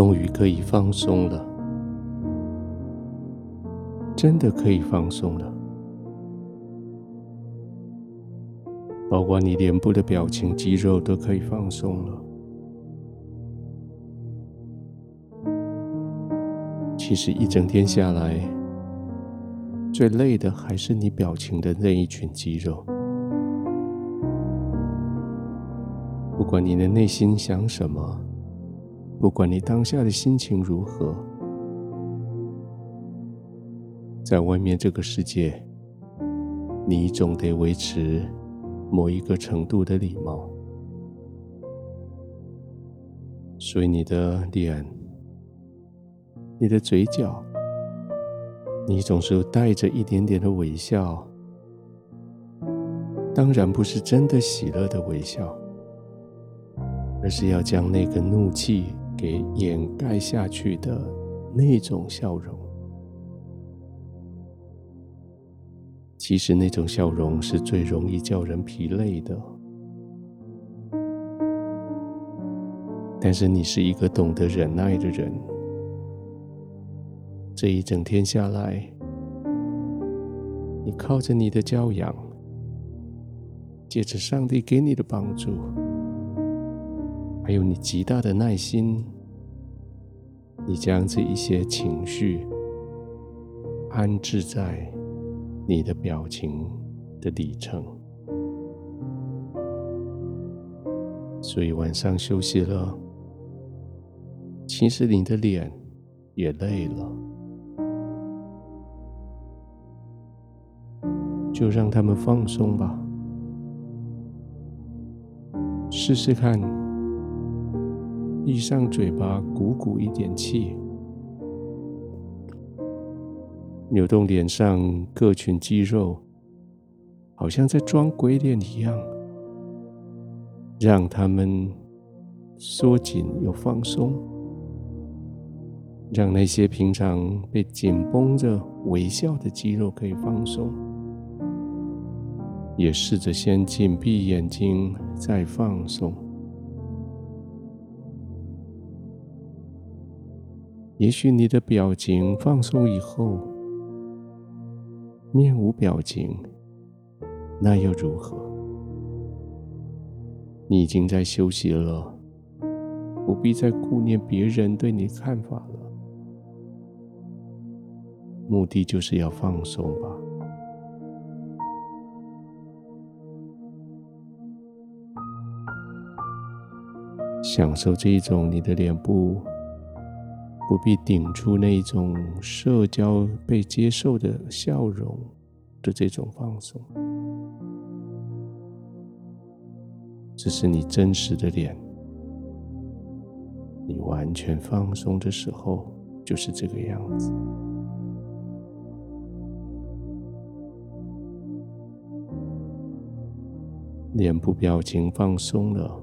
終於可以放鬆了，真的可以放鬆了。包括你臉部的表情肌肉都可以放鬆了。其實一整天下來，最累的還是你表情的那一群肌肉。不管你的內心想什麼。不管你當下的心情如何，在外面這個世界，你總得維持某一個程度的禮貌，所以你的臉、你的嘴角，你總是帶着一點點的微笑。當然不是真的喜樂的微笑，而是要將那個怒氣。給掩蓋下去的那種笑容，其實那種笑容是最容易叫人疲累的。但是你是一個懂得忍耐的人，這一整天下來，你靠着你的教養，借着上帝給你的幫助。還有你極大的耐心，你將這一些情緒安置在你的表情的裡層。所以晚上休息了，其實你的臉也累了，就讓他們放鬆吧，試試看。閉上嘴巴，鼓鼓一點氣，扭動臉上各群肌肉，好像在裝鬼臉一樣，讓他們縮緊又放鬆，讓那些平常被緊繃着微笑的肌肉可以放鬆，也試着先緊閉眼睛，再放鬆。也許你的表情放鬆以後，面無表情，那又如何？你已經在休息了，不必再顧念別人對你看法了。目的就是要放鬆吧。享受這一種你的臉部。不必擠出那種社交被接受的笑容的這種放鬆，這是你真實的臉。你完全放鬆的時候就是這個樣子，臉部表情放鬆了，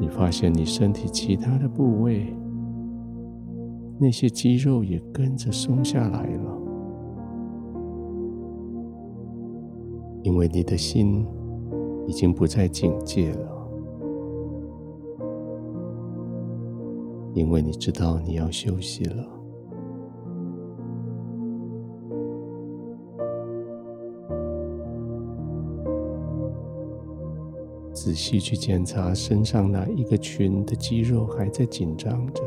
你發現你身體其他的部位。那些肌肉也跟着鬆下來了，因為你的心已經不再警戒了，因為你知道你要休息了。仔細去檢查身上哪一個群的肌肉還在緊張着。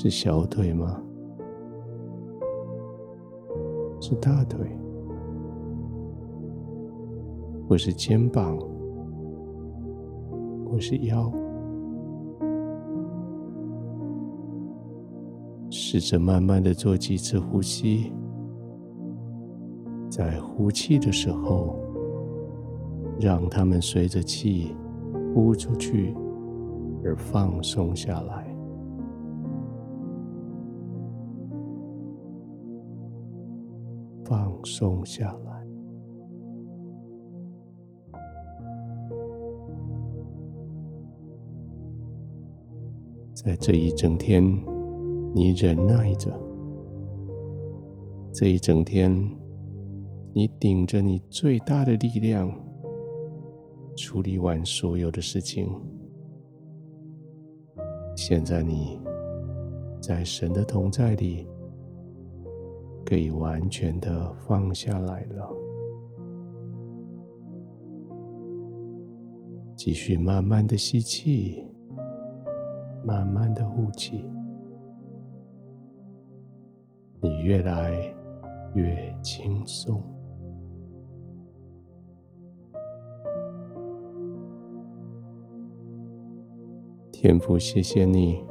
是小腿嗎？是大腿？或是肩膀？或是腰？試着慢慢的做幾次呼吸，在呼氣的時候，讓它們隨着氣呼出去而放鬆下來。放鬆下來，在這一整天，你忍耐着；這一整天，你頂着你最大的力量，處理完所有的事情。現在你在神的同在裡。可以完全的放下來了，繼續慢慢的吸氣，慢慢的呼氣，你越來越輕鬆。天父，謝謝你。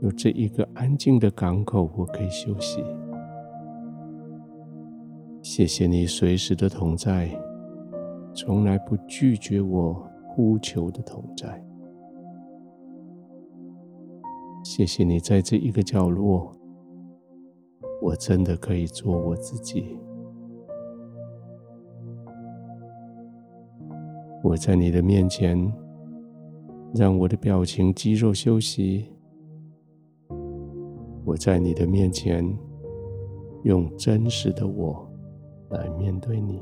有這一個安靜的港口，我可以休息。謝謝你隨時的同在，從來不拒絕我呼求的同在。謝謝你在這一個角落，我真的可以做我自己。我在你的面前，讓我的表情肌肉休息。我在你的面前，用真實的我來面對你。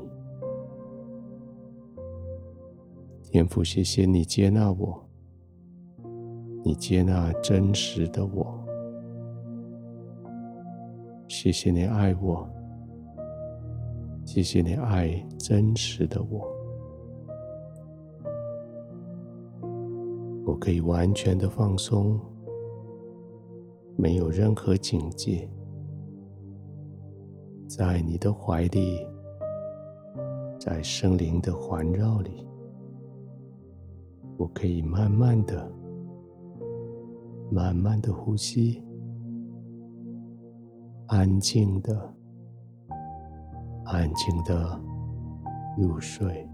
天父，謝謝你接納我，你接納真實的我。謝謝你愛我，謝謝你愛真實的我。我可以完全的放鬆。沒有任何警戒，在你的懷裡，在生靈的環繞裡，我可以慢慢的、慢慢的呼吸，安靜的、安靜的入睡。